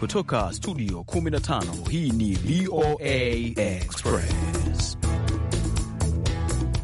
Kutoka studio 15 hii ni VOA Express.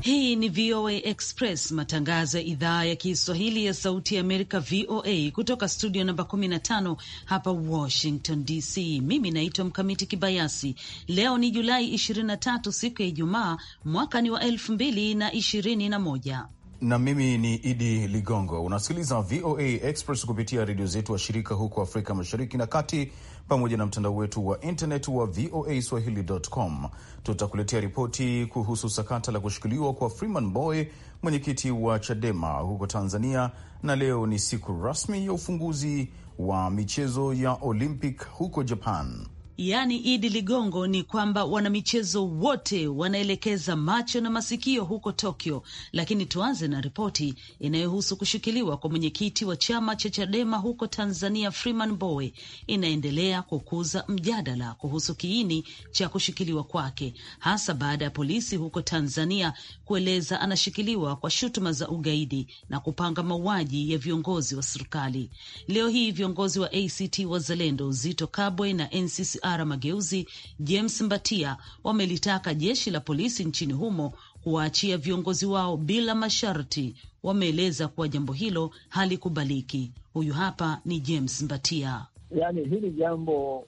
Hii ni VOA Express, matangazo ya idhaa ya Kiswahili ya Sauti ya Amerika, VOA, kutoka studio namba 15 hapa Washington DC. Mimi naitwa Mkamiti Kibayasi. Leo ni Julai 23, siku ya Ijumaa, mwaka ni wa 221 na mimi ni Idi Ligongo. Unasikiliza VOA Express kupitia redio zetu wa shirika huko Afrika Mashariki na Kati, pamoja na mtandao wetu wa internet wa VOA Swahili.com. Tutakuletea ripoti kuhusu sakata la kushikiliwa kwa Freeman boy mwenyekiti wa CHADEMA huko Tanzania, na leo ni siku rasmi ya ufunguzi wa michezo ya Olympic huko Japan yaani Idi Ligongo, ni kwamba wanamichezo wote wanaelekeza macho na masikio huko Tokyo. Lakini tuanze na ripoti inayohusu kushikiliwa kwa mwenyekiti wa chama cha Chadema huko Tanzania, Freeman Mbowe, inaendelea kukuza mjadala kuhusu kiini cha kushikiliwa kwake, hasa baada ya polisi huko Tanzania kueleza anashikiliwa kwa shutuma za ugaidi na kupanga mauaji ya viongozi wa serikali. Leo hii viongozi wa ACT Wazalendo, Zito Kabwe na NCC CR Mageuzi James Mbatia wamelitaka jeshi la polisi nchini humo kuwaachia viongozi wao bila masharti. Wameeleza kuwa jambo hilo halikubaliki. Huyu hapa ni James Mbatia. Yaani hili jambo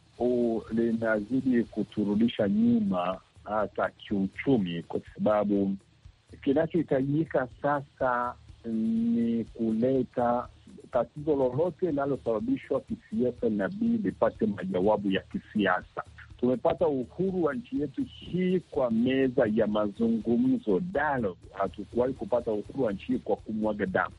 linazidi kuturudisha nyuma hata kiuchumi, kwa sababu kinachohitajika sasa ni kuleta tatizo lolote linalosababishwa kisiasa inabidi lipate majawabu ya kisiasa. Tumepata uhuru wa nchi yetu hii kwa meza ya mazungumzo, dialogue. Hatukuwahi kupata uhuru wa nchi hii kwa kumwaga damu,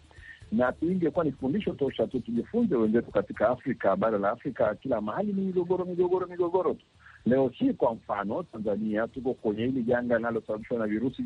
na ingekuwa ni fundisho tosha tu tujifunze wenzetu katika Afrika, bara la Afrika. Kila mahali ni migogoro, migogoro, migogoro tu. Leo hii kwa mfano, Tanzania tuko kwenye hili janga linalosababishwa na virusi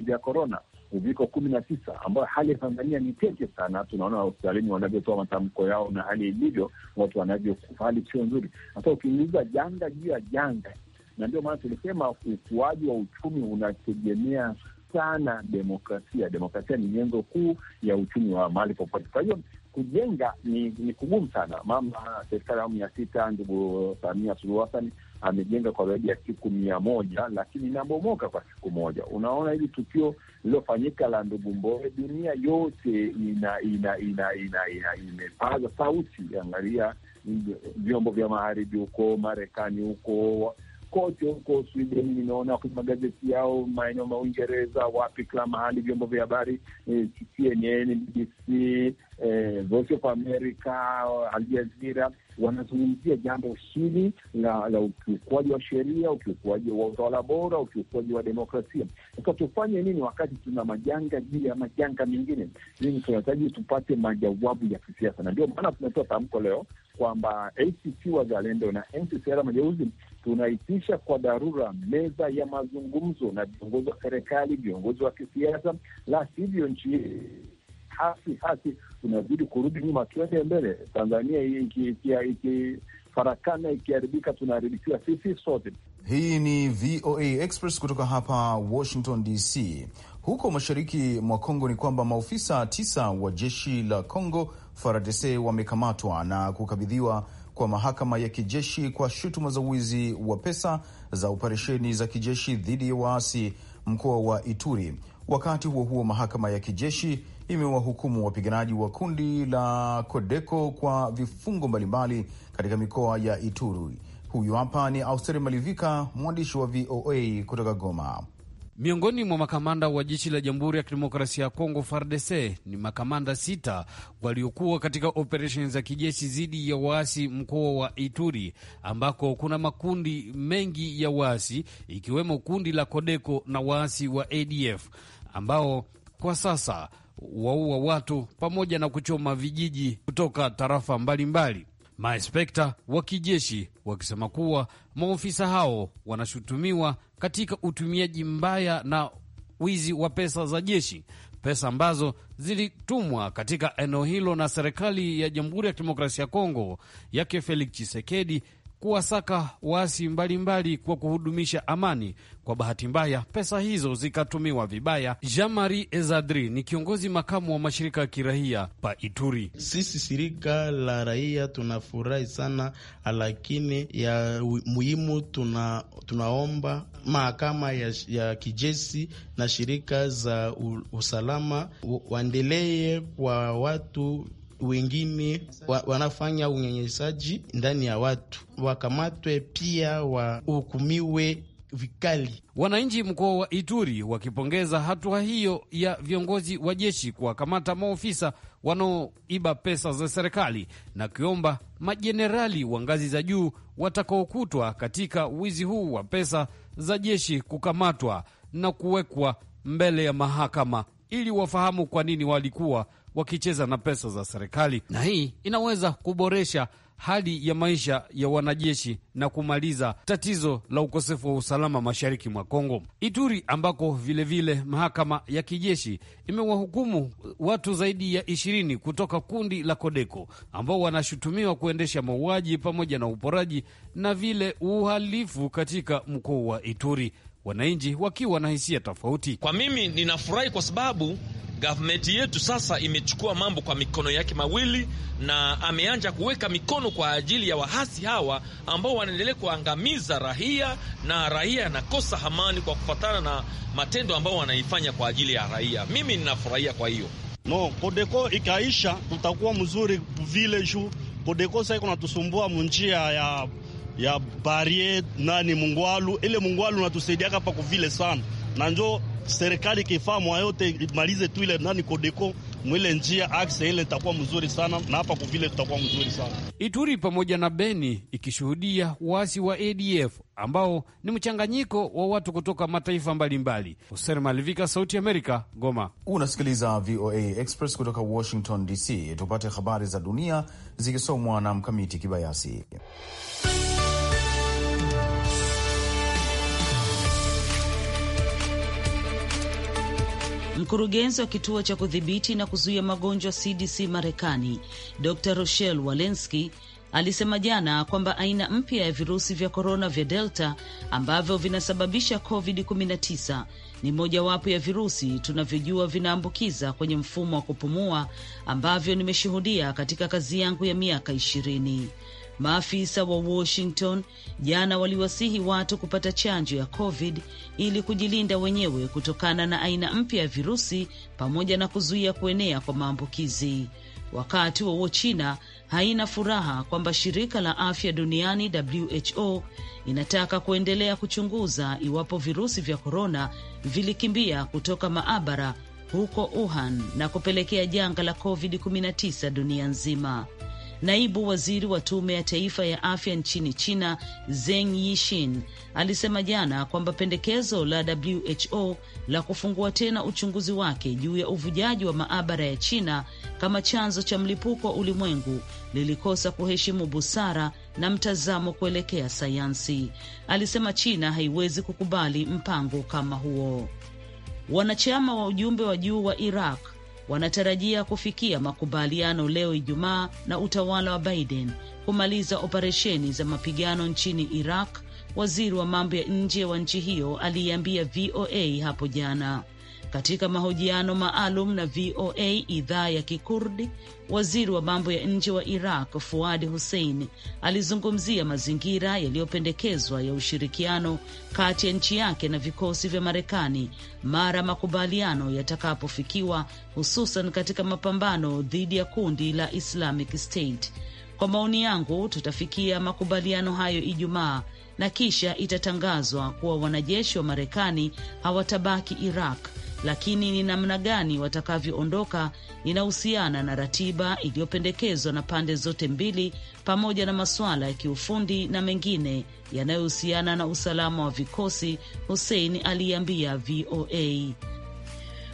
vya korona uviko kumi na tisa, ambayo hali ya Tanzania ni tete sana. Tunaona hospitalini wanavyotoa matamko yao na hali ilivyo, watu wanavyokufa, hali sio nzuri. Sasa ukiingiza janga juu ya janga, na ndio maana tulisema ukuaji wa uchumi unategemea sana demokrasia. Demokrasia ni nyenzo kuu ya uchumi wa mahali popote. Kwa hiyo kujenga ni, ni kugumu sana. Mama serikali ya awamu ya sita, ndugu Samia Suluhu Hassan amejenga kwa zaidi ya siku mia moja lakini inabomoka kwa siku moja. Unaona, hili tukio lililofanyika la ndugu Mbowe, dunia yote ina ina ina ina ina imepaza sauti. Angalia vyombo vya magharibi huko Marekani, huko kote huko Sweden, nimeona kwenye magazeti yao maeneo ma Uingereza, wapi, kila mahali, vyombo vya habari eh, CNN, BBC, eh, Voice of America, Al Jazeera wanazungumzia jambo hili la, la ukiukwaji wa sheria, ukiukwaji wa utawala bora, ukiukwaji wa demokrasia. Sasa tufanye nini wakati tuna majanga juu ya majanga mengine? Nini tunahitaji tupate majawabu ya kisiasa, na ndio maana tumetoa tamko leo kwamba ACT Wazalendo na NCCR Mageuzi tunaitisha kwa dharura meza ya mazungumzo na viongozi wa serikali, viongozi wa kisiasa, la sivyo nchi hii hasi hasi, tunazidi kurudi nyuma, tuende mbele. Tanzania ikifarakana, ikiharibika, tunaharibikiwa sisi sote. Hii ni VOA Express kutoka hapa Washington DC. Huko mashariki mwa Kongo ni kwamba maofisa tisa wa jeshi la Kongo FARDC wamekamatwa na kukabidhiwa kwa mahakama ya kijeshi kwa shutuma za wizi wa pesa za operesheni za kijeshi dhidi ya waasi mkoa wa Ituri. Wakati huo huo, mahakama ya kijeshi imewahukumu wapiganaji wa kundi la Kodeko kwa vifungo mbalimbali katika mikoa ya Ituri. Huyu hapa ni Austeri Malivika, mwandishi wa VOA kutoka Goma. Miongoni mwa makamanda wa jeshi la Jamhuri ya Kidemokrasia ya Kongo FARDC ni makamanda sita waliokuwa katika operesheni za kijeshi dhidi ya waasi mkoa wa Ituri, ambako kuna makundi mengi ya waasi ikiwemo kundi la Kodeko na waasi wa ADF ambao kwa sasa waua watu pamoja na kuchoma vijiji kutoka tarafa mbalimbali. Maespekta wa kijeshi wakisema kuwa maofisa hao wanashutumiwa katika utumiaji mbaya na wizi wa pesa za jeshi, pesa ambazo zilitumwa katika eneo hilo na serikali ya Jamhuri ya Kidemokrasia ya Kongo yake Felix chisekedi kuwasaka waasi mbalimbali kwa kuhudumisha amani. Kwa bahati mbaya, pesa hizo zikatumiwa vibaya. Jean Marie Ezadri ni kiongozi makamu wa mashirika ya kirahia pa Ituri. Sisi shirika la raia tunafurahi sana, lakini ya muhimu tuna, tunaomba mahakama ya, ya kijeshi na shirika za usalama waendelee kwa watu wengine wa, wanafanya unyanyasaji ndani ya watu wakamatwe, pia wahukumiwe vikali. Wananchi mkoa wa Ituri wakipongeza hatua hiyo ya viongozi wa jeshi kuwakamata maofisa wanaoiba pesa za serikali na kiomba majenerali wa ngazi za juu watakaokutwa katika wizi huu wa pesa za jeshi kukamatwa na kuwekwa mbele ya mahakama ili wafahamu kwa nini walikuwa wakicheza na pesa za serikali, na hii inaweza kuboresha hali ya maisha ya wanajeshi na kumaliza tatizo la ukosefu wa usalama mashariki mwa Kongo. Ituri ambako vilevile vile mahakama ya kijeshi imewahukumu watu zaidi ya ishirini kutoka kundi la Kodeko ambao wanashutumiwa kuendesha mauaji pamoja na uporaji na vile uhalifu katika mkoa wa Ituri wananchi wakiwa na hisia tofauti. Kwa mimi ninafurahi kwa sababu gavumenti yetu sasa imechukua mambo kwa mikono yake mawili na ameanja kuweka mikono kwa ajili ya wahasi hawa ambao wanaendelea kuangamiza raia na raia anakosa amani kwa kufatana na matendo ambao wanaifanya kwa ajili ya raia. Mimi ninafurahia kwa hiyo no Kodeko ikaisha, tutakuwa mzuri vile juu Kodeko sasa iko natusumbua munjia ya ya barie nani mungwalu ile mungwalu natusaidia hapa kwa vile sana na njo serikali kifaa mwa yote imalize tu ile nani kodeko mwile njia axe ile itakuwa mzuri sana na hapa kwa vile tutakuwa mzuri sana. Ituri pamoja na Beni ikishuhudia wasi wa ADF ambao ni mchanganyiko wa watu kutoka mataifa mbalimbali. Hosen Malivika, Sauti ya Amerika, Goma. Unasikiliza VOA Express kutoka Washington DC. Tupate habari za dunia zikisomwa na Mkamiti Kibayasi. Mkurugenzi wa kituo cha kudhibiti na kuzuia magonjwa CDC Marekani, Dr Rochelle Walensky alisema jana kwamba aina mpya ya virusi vya korona vya Delta ambavyo vinasababisha COVID-19 ni mojawapo ya virusi tunavyojua vinaambukiza kwenye mfumo wa kupumua ambavyo nimeshuhudia katika kazi yangu ya miaka ishirini. Maafisa wa Washington jana waliwasihi watu kupata chanjo ya COVID ili kujilinda wenyewe kutokana na aina mpya ya virusi pamoja na kuzuia kuenea kwa maambukizi. Wakati wa huo, China haina furaha kwamba shirika la afya duniani WHO inataka kuendelea kuchunguza iwapo virusi vya korona vilikimbia kutoka maabara huko Wuhan na kupelekea janga la COVID-19 dunia nzima. Naibu waziri wa tume ya taifa ya afya nchini China, Zeng Yishin, alisema jana kwamba pendekezo la WHO la kufungua tena uchunguzi wake juu ya uvujaji wa maabara ya China kama chanzo cha mlipuko wa ulimwengu lilikosa kuheshimu busara na mtazamo kuelekea sayansi. Alisema China haiwezi kukubali mpango kama huo. Wanachama wa ujumbe wa juu wa Iraq wanatarajia kufikia makubaliano leo Ijumaa na utawala wa Biden kumaliza operesheni za mapigano nchini Iraq. Waziri wa mambo ya nje wa nchi hiyo aliiambia VOA hapo jana. Katika mahojiano maalum na VOA idhaa ya Kikurdi, waziri wa mambo ya nje wa Iraq Fuad Hussein alizungumzia mazingira yaliyopendekezwa ya ushirikiano kati ya nchi yake na vikosi vya Marekani mara makubaliano yatakapofikiwa, hususan katika mapambano dhidi ya kundi la Islamic State. Kwa maoni yangu, tutafikia makubaliano hayo Ijumaa na kisha itatangazwa kuwa wanajeshi wa Marekani hawatabaki Iraq lakini ni namna gani watakavyoondoka inahusiana na ratiba iliyopendekezwa na pande zote mbili, pamoja na masuala ya kiufundi na mengine yanayohusiana na usalama wa vikosi, Hussein aliambia VOA.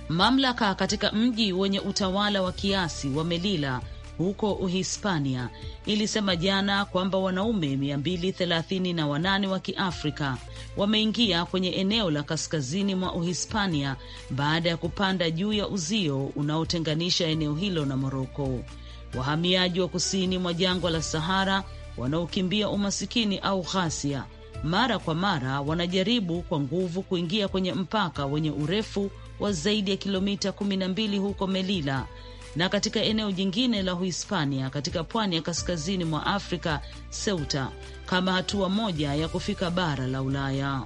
Mamlaka katika mji wenye utawala wa kiasi wa Melila huko Uhispania ilisema jana kwamba wanaume 238 wa Kiafrika wameingia kwenye eneo la kaskazini mwa Uhispania baada ya kupanda juu ya uzio unaotenganisha eneo hilo na Moroko. Wahamiaji wa kusini mwa jangwa la Sahara wanaokimbia umasikini au ghasia, mara kwa mara wanajaribu kwa nguvu kuingia kwenye mpaka wenye urefu wa zaidi ya kilomita 12 huko melila na katika eneo jingine la Uhispania katika pwani ya kaskazini mwa Afrika, Ceuta, kama hatua moja ya kufika bara la Ulaya.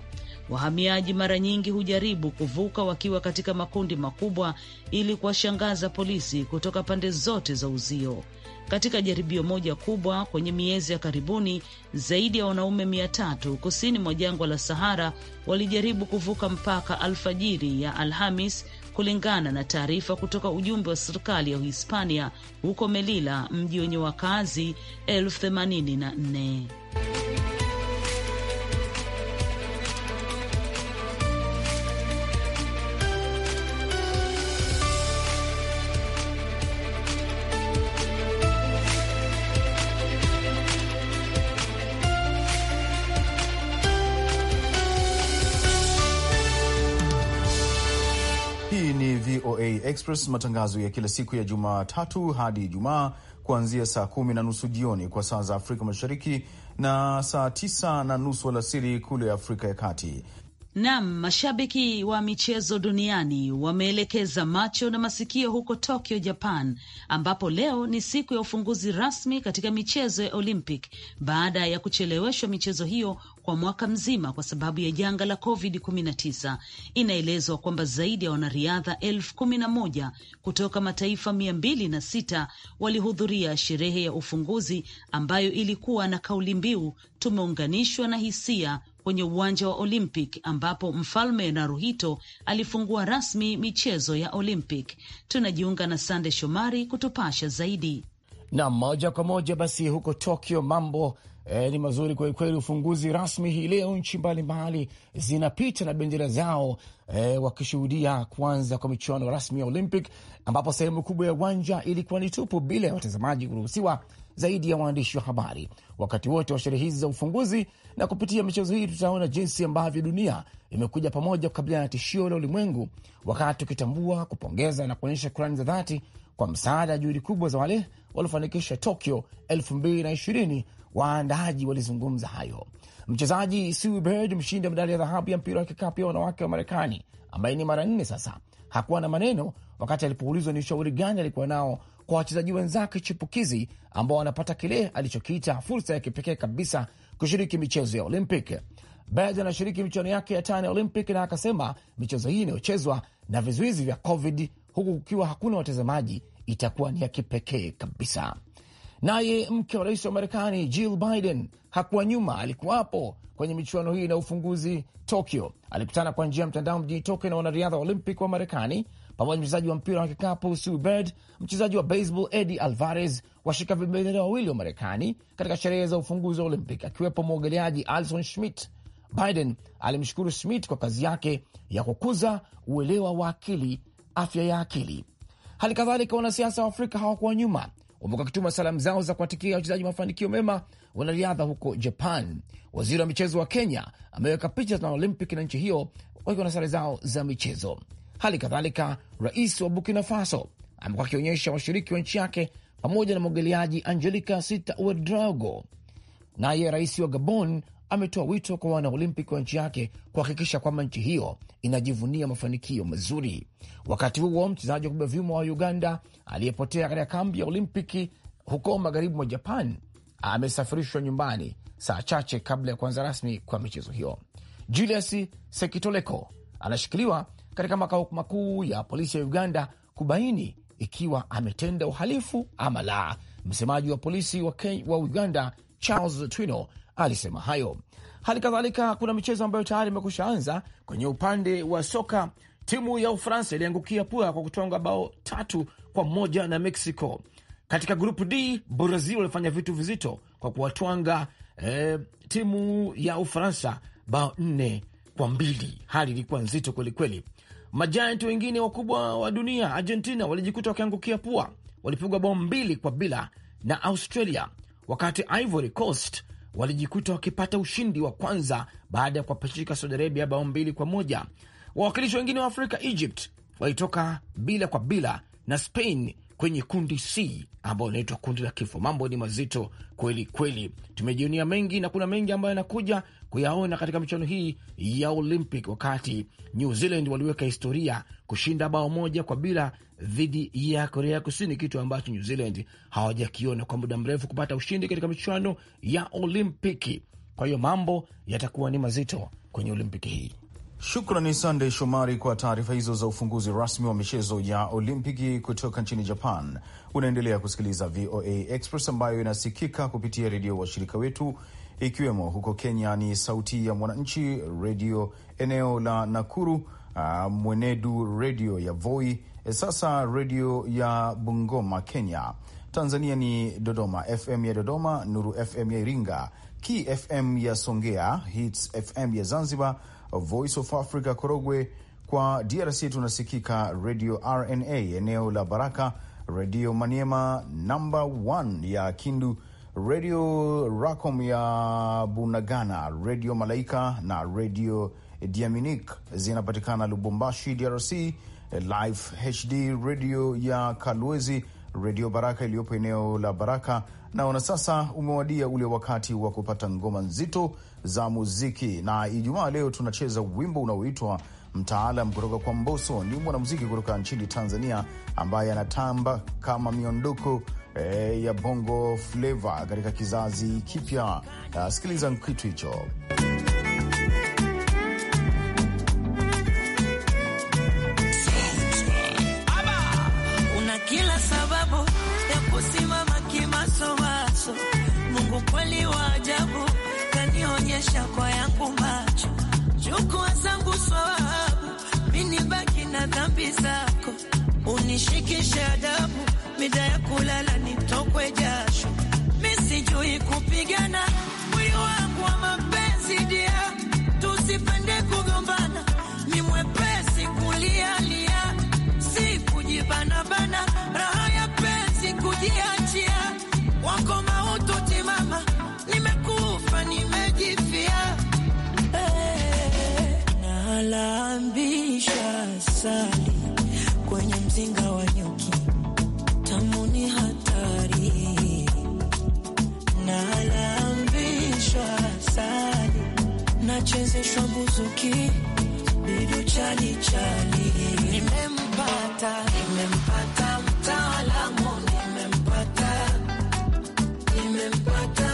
Wahamiaji mara nyingi hujaribu kuvuka wakiwa katika makundi makubwa ili kuwashangaza polisi kutoka pande zote za uzio. Katika jaribio moja kubwa kwenye miezi ya karibuni, zaidi ya wanaume mia tatu kusini mwa jangwa la Sahara walijaribu kuvuka mpaka alfajiri ya Alhamis kulingana na taarifa kutoka ujumbe wa serikali ya Uhispania huko melila mji wenye wakazi elfu themanini na nne. Express, matangazo ya kila siku ya Jumatatu hadi Ijumaa kuanzia saa kumi na nusu jioni kwa saa za Afrika Mashariki na saa tisa na nusu alasiri kule Afrika ya Kati. Nam, mashabiki wa michezo duniani wameelekeza macho na masikio huko Tokyo, Japan, ambapo leo ni siku ya ufunguzi rasmi katika michezo ya Olympic baada ya kucheleweshwa michezo hiyo kwa mwaka mzima kwa sababu ya janga la COVID-19. Inaelezwa kwamba zaidi ya wanariadha elfu kumi na moja kutoka mataifa mia mbili na sita walihudhuria sherehe ya ufunguzi ambayo ilikuwa na kauli mbiu tumeunganishwa na hisia kwenye uwanja wa Olympic ambapo Mfalme Naruhito alifungua rasmi michezo ya Olympic. Tunajiunga na Sande Shomari kutupasha zaidi. Na moja kwa moja basi huko Tokyo mambo eh, ni mazuri kwelikweli. Ufunguzi rasmi hii leo, nchi mbalimbali zinapita na bendera zao eh, wakishuhudia kuanza kwa michuano rasmi ya Olympic, ambapo sehemu kubwa ya uwanja ilikuwa ni tupu bila ya watazamaji kuruhusiwa zaidi ya waandishi wa habari wakati wote wa sherehe hizi za ufunguzi. Na kupitia michezo hii tutaona jinsi ambavyo dunia imekuja pamoja kukabiliana na tishio la ulimwengu, wakati ukitambua, kupongeza na kuonyesha shukrani za dhati kwa msaada ya juhudi kubwa za wale waliofanikisha Tokyo 2020. Waandaaji walizungumza hayo. Mchezaji Sue Bird, mshindi wa medali ya dhahabu ya mpira wa kikapu ya wanawake wa Marekani, ambaye ni mara nne sasa, hakuwa na maneno wakati alipoulizwa ni ushauri gani alikuwa nao kwa wachezaji wenzake chipukizi ambao wanapata kile alichokiita fursa ya kipekee kabisa kushiriki michezo ya Olympic. Bad anashiriki michuano yake ya tano ya Olympic na akasema michezo hii inayochezwa na vizuizi vya COVID huku kukiwa hakuna watazamaji itakuwa ni ya kipekee kabisa. Naye mke wa rais wa Marekani Jill Biden hakuwa nyuma, alikuwapo kwenye michuano hii na ufunguzi Tokyo. Alikutana kwa njia ya mtandao mjini Tokyo na wanariadha wa Olympic wa Marekani pamoja na mchezaji wa mpira wa kikapu Sue Bird, mchezaji wa baseball Eddie Alvarez, washika vibendera wawili wa Marekani katika sherehe za ufunguzi wa Olympic, akiwepo mwogeleaji Alison Schmidt. Biden alimshukuru Schmidt kwa kazi yake ya kukuza uelewa wa akili, afya ya akili. Hali kadhalika wanasiasa wa Afrika hawakuwa nyuma, wamekuwa wakituma salamu zao za kuwatakia wachezaji mafanikio mema wanariadha huko Japan. Waziri wa michezo wa Kenya ameweka picha za Olympic na nchi hiyo wakiwa na sare zao za michezo. Hali kadhalika rais wa Burkina Faso amekuwa akionyesha washiriki wa nchi yake pamoja na mwogeleaji Angelica Sita Uedraogo. Naye rais wa Gabon ametoa wito kwa wanaolimpiki wa nchi yake kuhakikisha kwamba nchi hiyo inajivunia mafanikio mazuri. Wakati huo mchezaji wa kubeba vyuma wa Uganda aliyepotea katika kambi ya Olimpiki huko magharibi mwa Japan amesafirishwa nyumbani saa chache kabla ya kuanza rasmi kwa michezo hiyo. Julius Sekitoleko anashikiliwa katika makao makuu ya polisi ya Uganda kubaini ikiwa ametenda uhalifu ama la. Msemaji wa polisi wa, Kenya, wa Uganda Charles Twino alisema hayo. Hali kadhalika kuna michezo ambayo tayari imekusha anza. Kwenye upande wa soka, timu ya Ufaransa iliangukia pua kwa kutonga bao tatu kwa moja na Mexico. Katika grupu D, Brazil walifanya vitu vizito kwa kuwatwanga eh, timu ya Ufaransa bao nne kwa mbili. Hali ilikuwa nzito kwelikweli. Majayanti wengine wakubwa wa dunia Argentina walijikuta wakiangukia pua, walipigwa bao mbili kwa bila na Australia, wakati Ivory Coast walijikuta wakipata ushindi wa kwanza baada ya kuwapachika Saudi Arabia bao mbili kwa moja. Wawakilishi wengine wa Afrika, Egypt, walitoka bila kwa bila na Spain kwenye kundi C ambayo inaitwa kundi la kifo. Mambo ni mazito kweli kweli, tumejionia mengi na kuna mengi ambayo yanakuja kuyaona katika michuano hii ya Olympic, wakati New Zealand waliweka historia kushinda bao moja kwa bila dhidi ya Korea Kusini, kitu ambacho New Zealand hawajakiona kwa muda mrefu kupata ushindi katika michuano ya Olimpiki. Kwa hiyo mambo yatakuwa ni mazito kwenye Olimpiki hii. Shukrani Sandey Shomari kwa taarifa hizo za ufunguzi rasmi wa michezo ya Olimpiki kutoka nchini Japan. Unaendelea kusikiliza VOA Express ambayo inasikika kupitia redio washirika wetu, ikiwemo huko Kenya ni Sauti ya Mwananchi redio eneo la Nakuru, uh, Mwenedu redio ya Voi, eh, sasa redio ya Bungoma Kenya. Tanzania ni Dodoma FM ya Dodoma, Nuru FM ya Iringa, KFM ya Songea, Hits FM ya Zanzibar, Voice of Africa Korogwe, kwa DRC tunasikika radio RNA eneo la Baraka, redio Maniema namba 1 ya Kindu, redio Racom ya Bunagana, redio Malaika na redio Diaminic zinapatikana Lubumbashi, DRC, Life HD redio ya Kalwezi Redio Baraka iliyopo eneo la Baraka. Naona sasa umewadia ule wakati wa kupata ngoma nzito za muziki, na Ijumaa leo tunacheza wimbo unaoitwa Mtaalam kutoka kwa Mboso. Ni mwanamuziki kutoka nchini Tanzania ambaye anatamba kama miondoko eh, ya bongo fleva katika kizazi kipya. Uh, sikiliza kitu hicho. kuonyesha kwa yangu macho, chukua zangu sababu, mini baki na dhambi zako, unishikishe adabu, mida ya kulala nitokwe jasho, misijui kupigana, mwili wangu wa mapenzi dia, tusipende kugombana, ni mwepesi kulia asali kwenye mzinga wa nyuki, tamu ni hatari, nalambishwa asali, nachezeshwa buzuki, bidu chali chali, nimempata, nimempata mtaalamu, nimempata, nimempata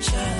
each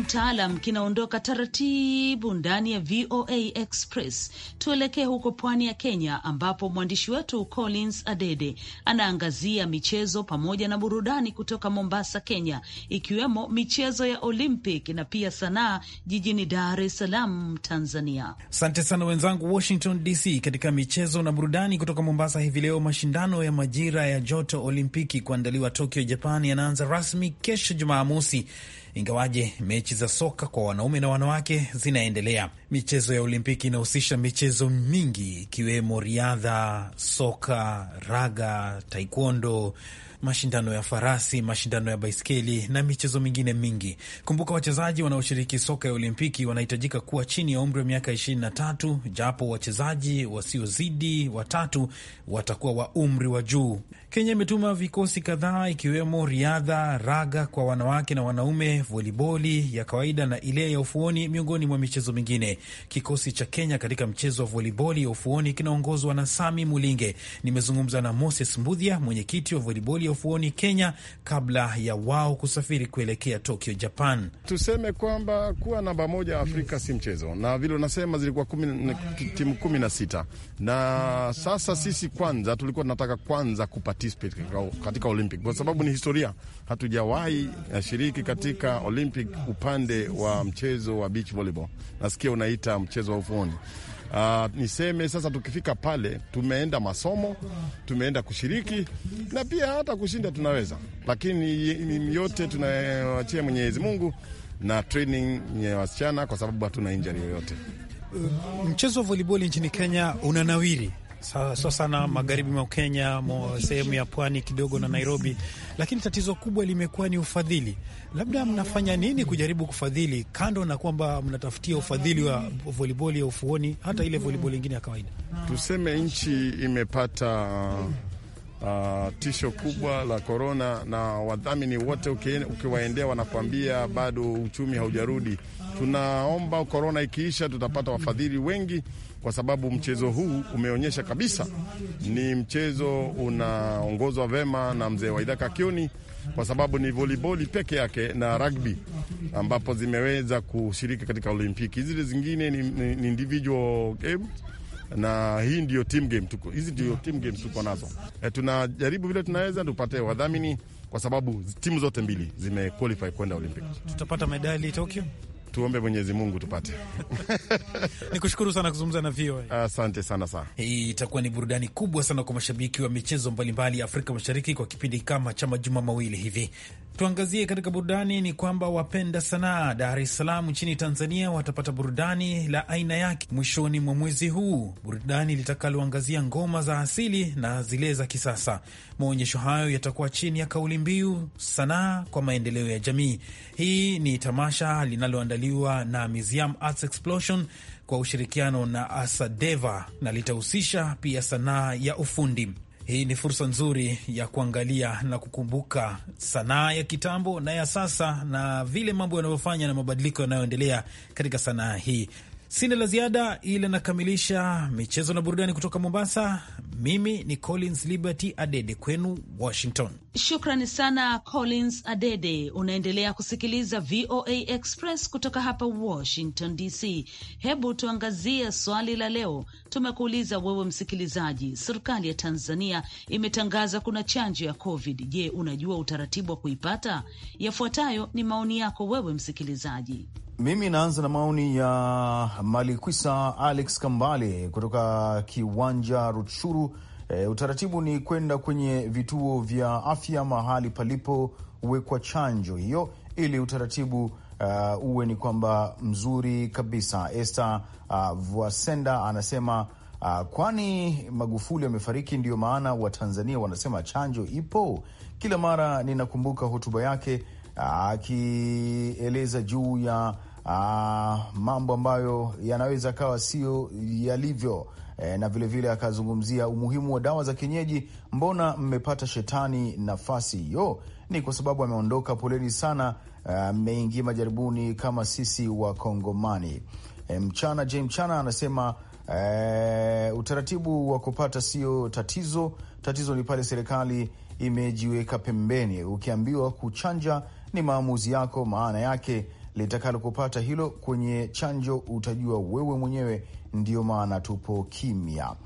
mtaalam kinaondoka taratibu ndani ya VOA Express. Tuelekee huko pwani ya Kenya, ambapo mwandishi wetu Collins Adede anaangazia michezo pamoja na burudani kutoka Mombasa, Kenya, ikiwemo michezo ya Olympic na pia sanaa jijini Dar es Salaam, Tanzania. Asante sana wenzangu Washington DC. Katika michezo na burudani kutoka Mombasa hivi leo, mashindano ya majira ya joto Olimpiki kuandaliwa Tokyo, Japan yanaanza rasmi kesho Jumamosi ingawaje mechi za soka kwa wanaume na wanawake zinaendelea. Michezo ya Olimpiki inahusisha michezo mingi ikiwemo riadha, soka, raga, taekwondo, mashindano ya farasi, mashindano ya baiskeli na michezo mingine mingi. Kumbuka, wachezaji wanaoshiriki soka ya Olimpiki wanahitajika kuwa chini ya umri wa miaka ishirini na tatu, japo wachezaji wasiozidi watatu watakuwa wa umri wa juu Kenya imetuma vikosi kadhaa ikiwemo riadha, raga kwa wanawake na wanaume, voliboli ya kawaida na ile ya ufuoni, miongoni mwa michezo mingine. Kikosi cha Kenya katika mchezo wa voliboli ya ufuoni kinaongozwa na Sami Mulinge. Nimezungumza na Moses Mbudhia, mwenyekiti wa voliboli ya ufuoni Kenya, kabla ya wao kusafiri kuelekea Tokyo, Japan. Tuseme kwamba kuwa namba moja Afrika si mchezo, na vile unasema zilikuwa timu kumi na sita na sasa sisi kwanza tulikuwa tunataka kwanza kupata katika Olympic kwa sababu ni historia, hatujawahi eh, shiriki katika Olympic upande wa mchezo wa beach volleyball. Nasikia unaita mchezo wa ufuoni. Uh, niseme sasa, tukifika pale, tumeenda masomo, tumeenda kushiriki na pia hata kushinda tunaweza, lakini yote tunawachia Mwenyezi Mungu na training ya wasichana, kwa sababu hatuna injari yoyote. Mchezo wa volleyball nchini Kenya unanawiri sasa sana magharibi mwa Kenya, sehemu ya pwani kidogo na Nairobi, lakini tatizo kubwa limekuwa ni ufadhili. Labda mnafanya nini kujaribu kufadhili, kando na kwamba mnatafutia ufadhili wa voliboli ya ufuoni, hata ile voliboli ingine ya kawaida? Tuseme nchi imepata Uh, tisho kubwa la korona, na wadhamini wote ukiwaendea wanakuambia bado uchumi haujarudi. Tunaomba korona ikiisha, tutapata wafadhili wengi kwa sababu mchezo huu umeonyesha kabisa ni mchezo unaongozwa vema na mzee Waidha Kakioni, kwa sababu ni voliboli peke yake na rugby ambapo zimeweza kushiriki katika Olimpiki. Zile zingine ni, ni, ni individual game na hii ndio team game tuko, hizi ndio team game tuko nazo. E, tunajaribu vile tunaweza tupate wadhamini kwa sababu timu zote mbili zimequalify kwenda Olympic. Tutapata medali Tokyo tuombe Mwenyezi Mungu tupate. kushukuru sana kuzungumza na VOA. Asante sana sana. Hii itakuwa ni burudani kubwa sana kwa mashabiki wa michezo mbalimbali ya Afrika Mashariki kwa kipindi kama cha majuma mawili hivi. Tuangazie katika burudani, ni kwamba wapenda sanaa Dar es Salaam nchini Tanzania watapata burudani la aina yake mwishoni mwa mwezi huu, burudani litakaloangazia ngoma za asili na zile za kisasa. Maonyesho hayo yatakuwa chini ya kauli mbiu sanaa kwa maendeleo ya jamii. Hii ni tamasha linaloandaliwa na Museum Arts Explosion kwa ushirikiano na Asadeva na litahusisha pia sanaa ya ufundi. Hii ni fursa nzuri ya kuangalia na kukumbuka sanaa ya kitambo na ya sasa na vile mambo yanavyofanya na mabadiliko yanayoendelea katika sanaa hii. Sina la ziada, ila nakamilisha michezo na burudani kutoka Mombasa. Mimi ni Collins Liberty Adede kwenu Washington. Shukrani sana Collins Adede. Unaendelea kusikiliza VOA Express kutoka hapa Washington DC. Hebu tuangazie swali la leo. Tumekuuliza wewe msikilizaji, serikali ya Tanzania imetangaza kuna chanjo ya COVID. Je, unajua utaratibu wa kuipata? Yafuatayo ni maoni yako wewe msikilizaji. Mimi naanza na maoni ya Malikwisa Alex Kambale kutoka Kiwanja Rutshuru E, utaratibu ni kwenda kwenye vituo vya afya mahali palipowekwa chanjo hiyo, ili utaratibu uh, uwe ni kwamba mzuri kabisa. Esther uh, e, Vuasenda anasema uh, kwani Magufuli amefariki ndiyo maana Watanzania wanasema chanjo ipo. Kila mara ninakumbuka hotuba yake akieleza uh, juu ya uh, mambo ambayo yanaweza kawa sio yalivyo e, na vilevile akazungumzia umuhimu wa dawa za kienyeji. Mbona mmepata shetani nafasi hiyo? Ni kwa sababu ameondoka, poleni sana, mmeingia e, majaribuni kama sisi Wakongomani. E, mchana J mchana anasema e, utaratibu wa kupata sio tatizo. Tatizo ni pale serikali imejiweka pembeni. Ukiambiwa kuchanja ni maamuzi yako, maana yake litakalokupata hilo kwenye chanjo utajua wewe mwenyewe. Ndiyo maana tupo kimya.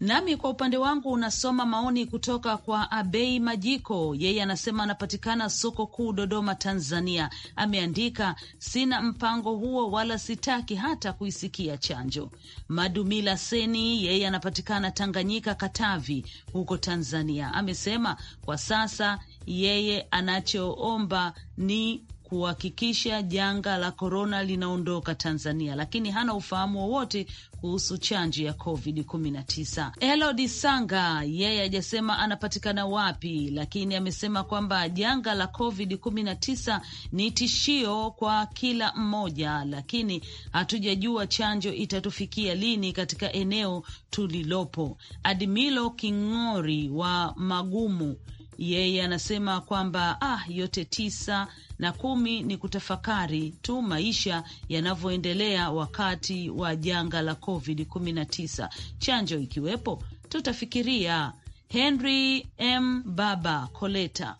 Nami kwa upande wangu unasoma maoni kutoka kwa Abei Majiko, yeye anasema anapatikana soko kuu Dodoma, Tanzania. Ameandika, sina mpango huo wala sitaki hata kuisikia chanjo. Madumila Seni, yeye anapatikana Tanganyika, Katavi huko Tanzania, amesema kwa sasa yeye anachoomba ni kuhakikisha janga la korona linaondoka Tanzania, lakini hana ufahamu wowote kuhusu chanjo ya Covid 19. Elodi Sanga yeye hajasema anapatikana wapi, lakini amesema kwamba janga la Covid 19 ni tishio kwa kila mmoja, lakini hatujajua chanjo itatufikia lini katika eneo tulilopo. Admilo King'ori wa Magumu yeye anasema kwamba ah, yote tisa na kumi ni kutafakari tu maisha yanavyoendelea wakati wa janga la Covid 19, chanjo ikiwepo tutafikiria. Henry M Baba Koleta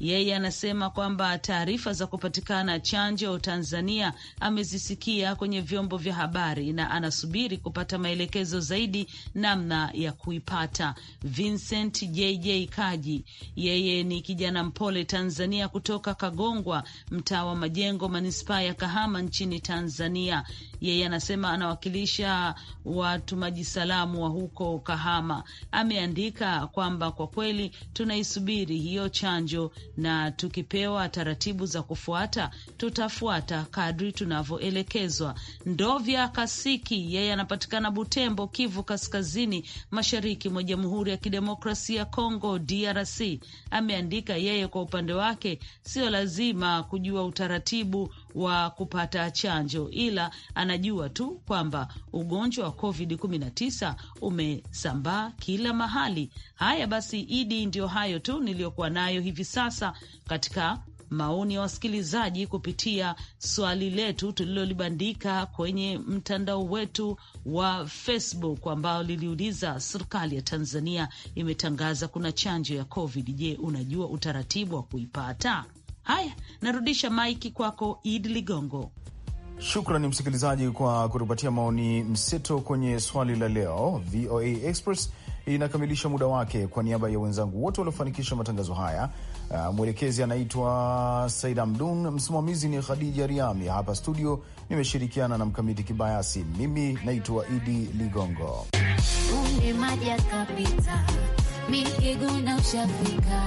yeye anasema kwamba taarifa za kupatikana chanjo Tanzania amezisikia kwenye vyombo vya habari na anasubiri kupata maelekezo zaidi namna ya kuipata. Vincent JJ Kaji, yeye ni kijana mpole Tanzania kutoka Kagongwa, mtaa wa Majengo, manispaa ya Kahama nchini Tanzania. Yeye anasema anawakilisha watu salamu wa huko Kahama. Ameandika kwamba kwa kweli tunaisubiri hiyo chanjo na tukipewa taratibu za kufuata tutafuata kadri tunavyoelekezwa. Ndovya Kasiki yeye anapatikana Butembo, Kivu Kaskazini, mashariki mwa Jamhuri ya Kidemokrasia ya Kongo, DRC. Ameandika yeye kwa upande wake, sio lazima kujua utaratibu wa kupata chanjo, ila anajua tu kwamba ugonjwa wa COVID 19 umesambaa kila mahali. Haya basi, Idi, ndiyo hayo tu niliyokuwa nayo hivi sasa katika maoni ya wasikilizaji kupitia swali letu tulilolibandika kwenye mtandao wetu wa Facebook ambao liliuliza, serikali ya Tanzania imetangaza kuna chanjo ya COVID. Je, unajua utaratibu wa kuipata? Haya, narudisha maiki kwako Idi Ligongo. Shukrani msikilizaji kwa kutupatia maoni mseto kwenye swali la leo. VOA Express inakamilisha muda wake. Kwa niaba ya wenzangu wote waliofanikisha matangazo haya, uh, mwelekezi anaitwa Saida Mdun, msimamizi ni Khadija Riami. Hapa studio nimeshirikiana na Mkamiti Kibayasi. Mimi naitwa Idi Ligongo. maja kapita, ushafika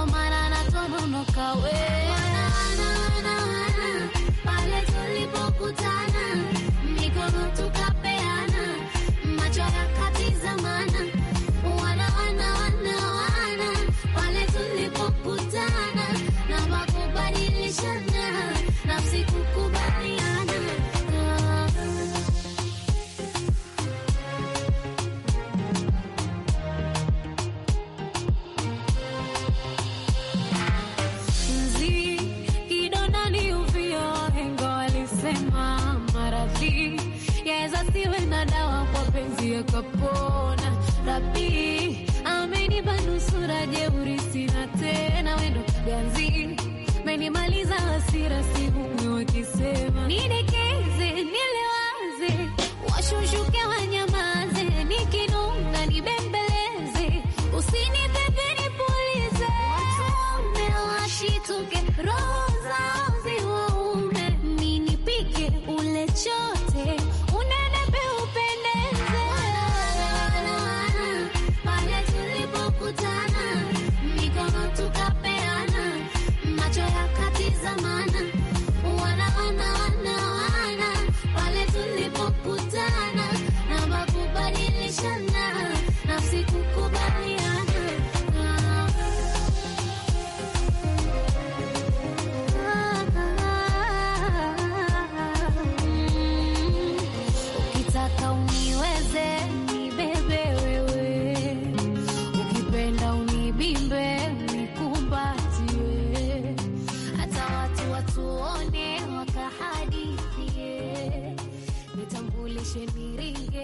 tomara Usini